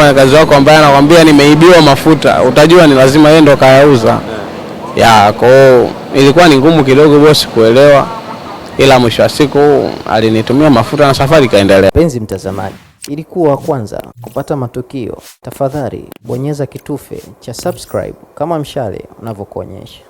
mfanyakazi wako ambaye anakwambia nimeibiwa mafuta, utajua ni lazima yeye ndo kayauza ya kwao. Ilikuwa ni ngumu kidogo bosi kuelewa, ila mwisho wa siku alinitumia mafuta na safari ikaendelea. Penzi mtazamaji, ilikuwa kwanza kupata matukio, tafadhali bonyeza kitufe cha subscribe kama mshale unavyokuonyesha.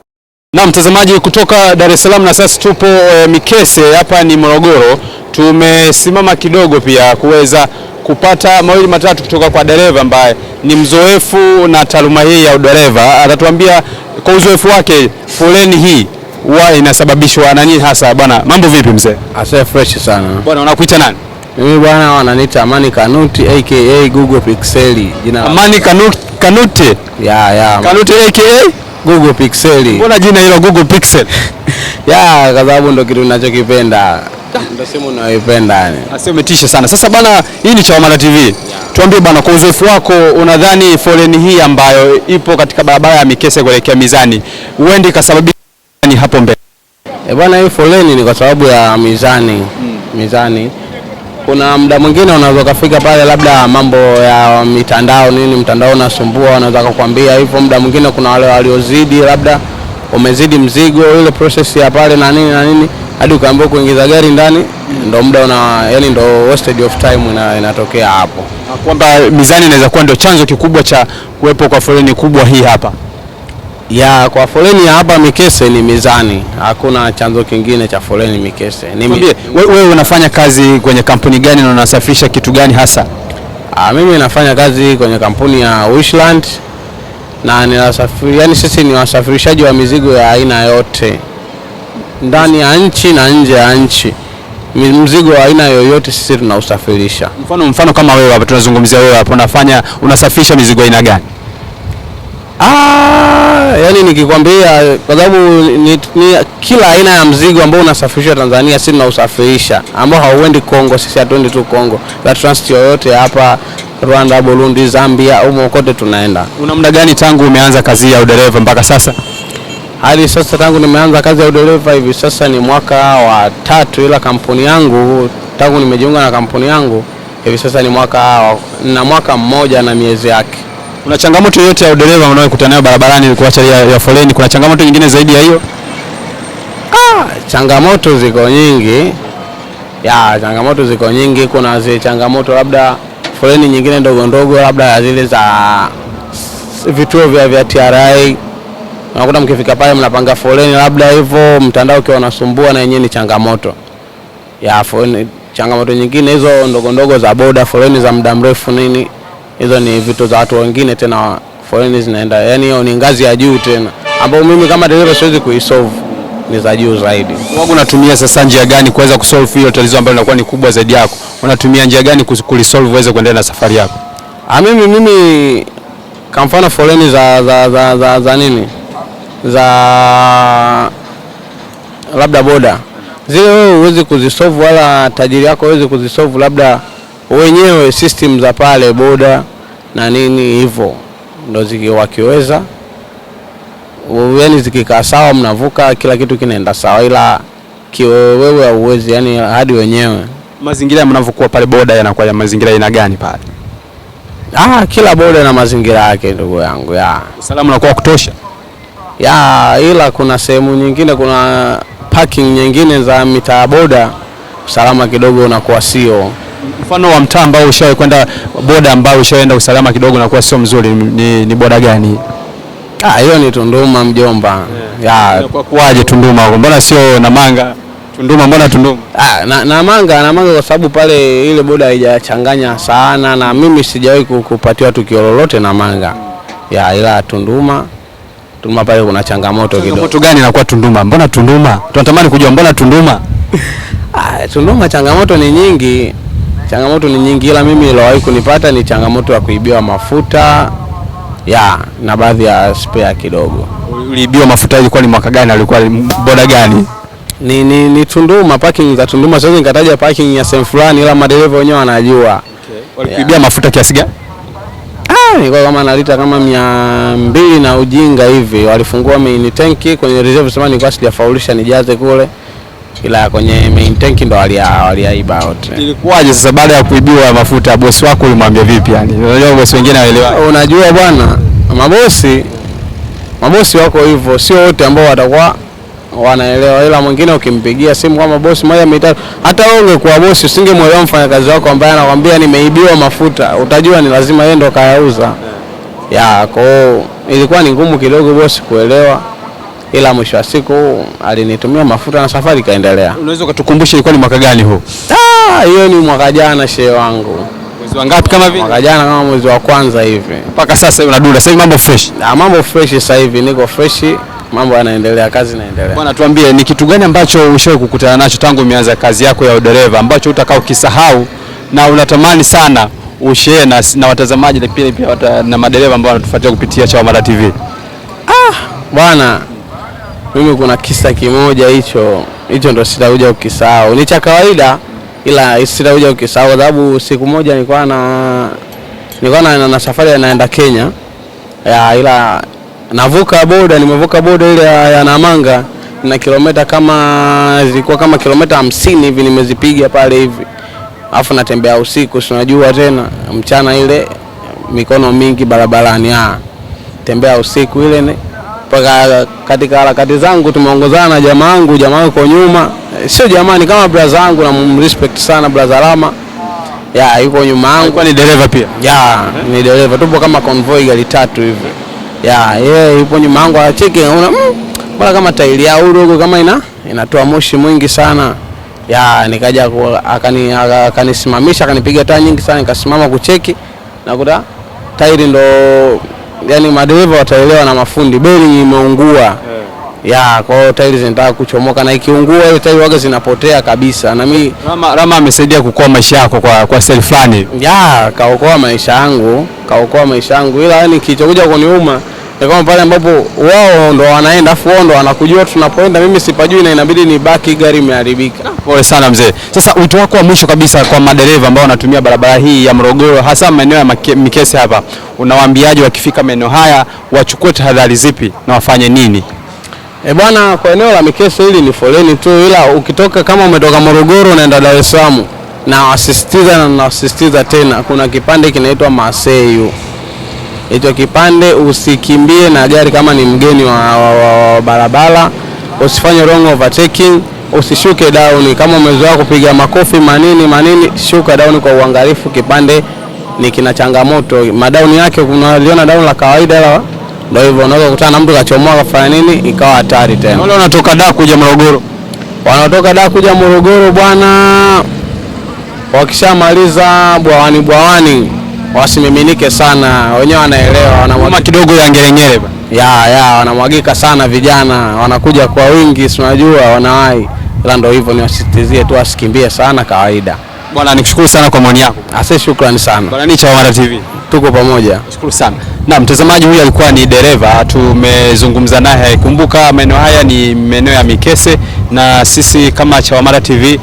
Na mtazamaji kutoka Dar es Salaam, na sasa tupo e, Mikese hapa ni Morogoro. Tumesimama kidogo pia kuweza kupata mawili matatu kutoka kwa dereva ambaye ni mzoefu na taaluma hii ya udereva. Atatuambia kwa uzoefu wake foleni hii huwa inasababishwa na nini hasa. Bwana, mambo vipi mzee? Asa fresh sana bwana, unakuita nani? Mimi bwana, wananiita Amani Kanuti aka Google Pixel. Jina Amani Kanuti Kanuti. Ya ya. Kanuti aka Google Pixel. Mbona jina hilo Google Pixel? ya, kwa sababu ndo kitu ninachokipenda. Ndio simu naipenda yani. Asio umetisha sana. Sasa bana, hii ni Chawamata TV. Yeah. Tuambie bana, kwa uzoefu wako unadhani foleni hii ambayo ipo katika barabara ya Mikese kuelekea Mizani huende ikasababisha nini hapo mbele? E bana, hii foleni ni kwa sababu ya Mizani. Mm. Mizani. Kuna muda mwingine unaweza kufika pale, labda mambo ya mitandao nini, mtandao unasumbua, wanaweza kukwambia hivyo. Muda mwingine kuna wale waliozidi labda umezidi mzigo, ile process ya pale na nini na nini, hadi ukaambiwa kuingiza gari ndani, ndo muda una yani, ndo wastage of time ina, inatokea hapo, kwamba mizani inaweza kuwa ndo chanzo kikubwa cha kuwepo kwa foleni kubwa hii hapa ya kwa foleni ya hapa Mikese ni mizani, hakuna chanzo kingine cha foleni Mikese. Wewe unafanya kazi kwenye kampuni gani na unasafirisha kitu gani hasa? Aa, ah, mimi nafanya kazi kwenye kampuni ya Wishland na ninasafiri, yani sisi ni wasafirishaji wa mizigo ya aina yote ndani ya nchi na nje ya nchi. Mzigo wa aina yoyote sisi tunausafirisha. Mfano, mfano kama wewe hapa tunazungumzia wewe hapa unafanya unasafirisha mizigo aina gani? Ah, yani nikikwambia kwa sababu ni, ni, kila aina ya mzigo ambao unasafirishwa Tanzania sisi tunausafirisha, ambao hauendi Kongo. Sisi hatuendi tu Kongo, la transit yoyote hapa Rwanda, Burundi, Zambia, humo kote tunaenda. Una muda gani tangu umeanza kazi ya udereva mpaka sasa? Hadi sasa tangu nimeanza kazi ya udereva hivi sasa ni mwaka wa tatu, ila kampuni yangu tangu nimejiunga na kampuni yangu hivi sasa ni mwaka na mwaka mmoja na miezi yake. Kuna changamoto yoyote ya udereva unayokutana nayo barabarani kuacha ya, ya foleni? Kuna changamoto nyingine zaidi ya hiyo? Ah, changamoto ziko nyingi ya, changamoto ziko nyingi. Kuna zile changamoto labda foleni nyingine ndogo ndogo, labda zile za vituo vya vya TRA unakuta mkifika pale mnapanga foleni labda hivyo, mtandao ukiwa unasumbua na yenyewe ni changamoto ya foleni. Changamoto nyingine hizo ndogo ndogo za boda, foleni za muda mrefu nini, hizo ni vitu za watu wengine, tena foleni zinaenda, yani hiyo ni ngazi ya juu tena, ambao mimi kama dereva siwezi kuisolve ni za juu zaidi. Wewe unatumia sasa njia gani kuweza kusolve hiyo tatizo ambalo linakuwa ni kubwa zaidi yako? Unatumia njia gani kulisolve uweze kuendelea na safari yako? Ah, mimi mimi kwa mfano foleni za za, za, za za nini za labda boda zile wewe huwezi kuzisolve wala tajiri yako huwezi kuzisolve, labda wenyewe system za pale boda na nini hivyo ndio zikiwakiweza yani zikikaa sawa, mnavuka kila kitu kinaenda sawa, ila kiwewe auwezi yani hadi wenyewe. Mazingira mnavyokuwa pale boda yanakuwa ya mazingira aina gani pale? Ah, kila boda na mazingira yake ndugu yangu ya. Usalama unakuwa kutosha ya, ila kuna sehemu nyingine, kuna parking nyingine za mitaa boda usalama kidogo unakuwa sio mfano wa mtaa ambao ushawe kwenda boda ambao ushaenda usalama kidogo unakuwa sio mzuri, ni, ni boda gani? Ah, hiyo ni Tunduma mjomba. Yeah. Kwa kuwaje Tunduma huko? Mbona sio Namanga? Tunduma mbona Tunduma? Ah, na, Namanga, Namanga kwa sababu pale ile boda haijachanganya sana na mimi sijawahi kupatiwa tukio lolote Namanga. Ya ila Tunduma Tunduma pale kuna changamoto kidogo. Changamoto gani inakuwa Tunduma? Mbona Tunduma? Tunatamani kujua mbona Tunduma? Ah, Tunduma changamoto ni nyingi. Changamoto ni nyingi ila mimi iliyowahi kunipata ni changamoto ya kuibiwa mafuta ya na baadhi ya spare kidogo. Uliibiwa mafuta ilikuwa ni mwaka gani? Alikuwa boda gani? Ni, ni, ni Tunduma parking za Tunduma, siwezi nikataja parking ya sehemu fulani, ila madereva wenyewe wanajua. Okay. Walikuibia mafuta kiasi gani? Ah, kama na lita kama mia mbili na ujinga hivi, walifungua mini tanki kwenye reserve, sema nilikuwa sijafaulisha nijaze kule ila kwenye main tank ndo waliaiba wote. Ilikuwaje sasa baada ya kuibiwa mafuta, bosi wako ulimwambia vipi? Yani unajua bosi wengine hawaelewi. Unajua bwana, mabosi mabosi wako hivyo, sio wote ambao watakuwa wanaelewa, ila mwingine ukimpigia simu kama bosi moja mitatu, hata wewe ungekuwa bosi usingemwelewa mfanyakazi wako ambaye anakwambia nimeibiwa mafuta, utajua ni lazima yeye ndo kayauza ya kwao. Ilikuwa ni ngumu kidogo bosi kuelewa ila mwisho wa siku alinitumia mafuta na safari ikaendelea. Unaweza ukatukumbusha ilikuwa ni mwaka gani huo? Ah, hiyo ni mwaka jana shehe wangu. Mwezi wa ngapi kama vile? Mwaka jana kama mwezi wa kwanza hivi. Mpaka sasa unadunda. Sasa mambo fresh. Ah, mambo fresh sasa hivi niko fresh. Mambo yanaendelea, kazi inaendelea. Bwana, tuambie ni kitu gani ambacho ushawahi kukutana nacho tangu umeanza kazi yako ya udereva ambacho utakao kisahau na unatamani sana ushare na, na watazamaji pia na madereva ambao wanatufuatia kupitia Chawamata TV? Ah, bwana mimi kuna kisa kimoja hicho hicho ndo sitakuja ukisahau. ni cha kawaida ila sitakuja ukisahau kwa sababu siku moja nilikuwa na nilikuwa na, na safari naenda Kenya ya, ila navuka boda, nimevuka boda ile ya, ya Namanga na kilomita kama zilikuwa kama kilomita hamsini hivi nimezipiga pale hivi, afu natembea usiku, si unajua tena mchana ile mikono mingi barabarani, ah, tembea usiku ile ni, mpaka katika harakati zangu tumeongozana na jamaa wangu, jamaa yuko nyuma, sio jamani, kama brother yangu na mrespect sana brother Rama ya yuko nyuma yangu, ni dereva pia ya ni dereva, tupo kama convoy gari tatu hivi ya yeye yeah, yupo nyuma yangu, acheke unaona mm, mbona kama tairi ya udogo kama ina inatoa moshi mwingi sana ya nikaja akani akanisimamisha akanipiga taa nyingi sana, nikasimama kucheki nakuta tairi ndo yani madereva wataelewa na mafundi, beli imeungua eh. ya kwa hiyo tairi zinataka kuchomoka na ikiungua ile tairi waga zinapotea kabisa. Na mimi Rama, Rama amesaidia kuokoa maisha yako kwa, kwa seli fulani ya kaokoa maisha yangu kaokoa maisha yangu, ila yani kichokuja kuniuma ni kama pale ambapo wao ndo wanaenda afu wao ndo wanakujua tunapoenda, mimi sipajui na inabidi nibaki, gari imeharibika. Ah, pole sana mzee. Sasa wito wako wa mwisho kabisa kwa madereva ambao wanatumia barabara hii ya Morogoro, hasa maeneo ya Mikese hapa, unawaambiaje wakifika maeneo haya wachukue tahadhari zipi na wafanye nini? E bwana, kwa eneo la Mikese hili ni foleni tu, ila ukitoka kama umetoka Morogoro unaenda Dar es Salaam, na wasisitiza na nawasisitiza tena, kuna kipande kinaitwa Maseyu hicho kipande. Usikimbie na gari kama ni mgeni wa, wa, wa, wa barabara. Usifanye wrong overtaking, usishuke down. Kama umezoea kupiga makofi manini manini, shuka down kwa uangalifu. Kipande ni kina changamoto, madauni yake unaliona down la kawaida la ndio hivyo, unaweza kukutana na mtu kachomoa kafanya nini, ikawa hatari tena. Wale wanatoka da kuja Morogoro, wanatoka da kuja Morogoro bwana, wakishamaliza bwawani bwawani wasimiminike sana, wenyewe wanaelewa, wanamwagika kidogo ya ngerengere ya ya, wanamwagika sana vijana, wanakuja kwa wingi, si unajua wanawai, ila ndio hivyo, niwasisitizie tu asikimbie sana kawaida. Bwana, nikushukuru sana kwa maoni yako. Asante, ah, shukrani sana. Bwana Nicha wa TV. Tuko pamoja. Shukuru sana. Na mtazamaji huyu alikuwa ni dereva, tumezungumza naye. Kumbuka maeneo haya ni maeneo ya Mikese na sisi kama Chawamata TV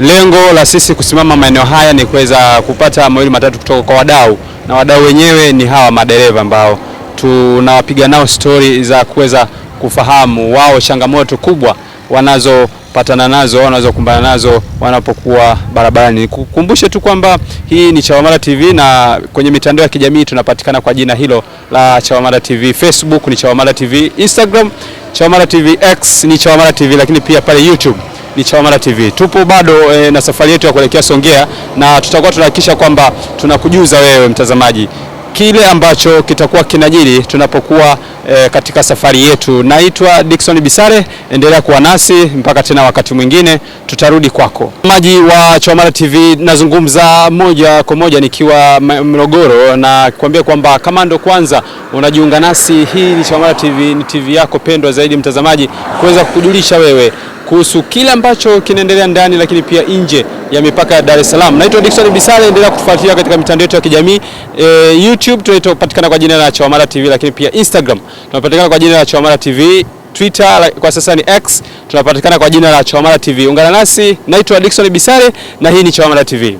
Lengo la sisi kusimama maeneo haya ni kuweza kupata mawili matatu kutoka kwa wadau, na wadau wenyewe ni hawa madereva ambao tunawapiga nao stori za kuweza kufahamu wao changamoto kubwa wanazopatana nazo, wanazokumbana nazo wanapokuwa barabarani. kukumbushe tu kwamba hii ni Chawamata TV na kwenye mitandao ya kijamii tunapatikana kwa jina hilo la Chawamata TV. Facebook ni Chawamata TV, Instagram Chawamata TV, X ni Chawamata TV, lakini pia pale YouTube ni Chawamata TV. Tupo bado e, na safari yetu ya kuelekea Songea na tutakuwa tunahakikisha kwamba tunakujuza wewe mtazamaji kile ambacho kitakuwa kinajiri tunapokuwa e, katika safari yetu. Naitwa Dickson Bisare, endelea kuwa nasi mpaka tena wakati mwingine, tutarudi kwako. Maji wa Chawamata TV, nazungumza moja kwa moja nikiwa Morogoro na kuambia kwamba kama ndo kwanza unajiunga nasi, hii ni Chawamata TV, ni TV yako pendwa zaidi mtazamaji, kuweza kukujulisha wewe kuhusu kila ambacho kinaendelea ndani lakini pia nje ya mipaka ya Dar es Salaam. Naitwa Dickson Bisale, endelea kutufuatilia katika mitandao yetu ya kijamii e, YouTube tunapatikana kwa jina la Chawamata TV, lakini pia Instagram tunapatikana kwa jina la Chawamata TV, Twitter kwa sasa ni X tunapatikana kwa jina la Chawamata TV. Ungana nasi, naitwa Dickson Bisale na hii ni Chawamata TV.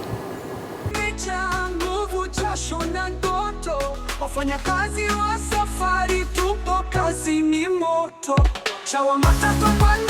Wafanyakazi wa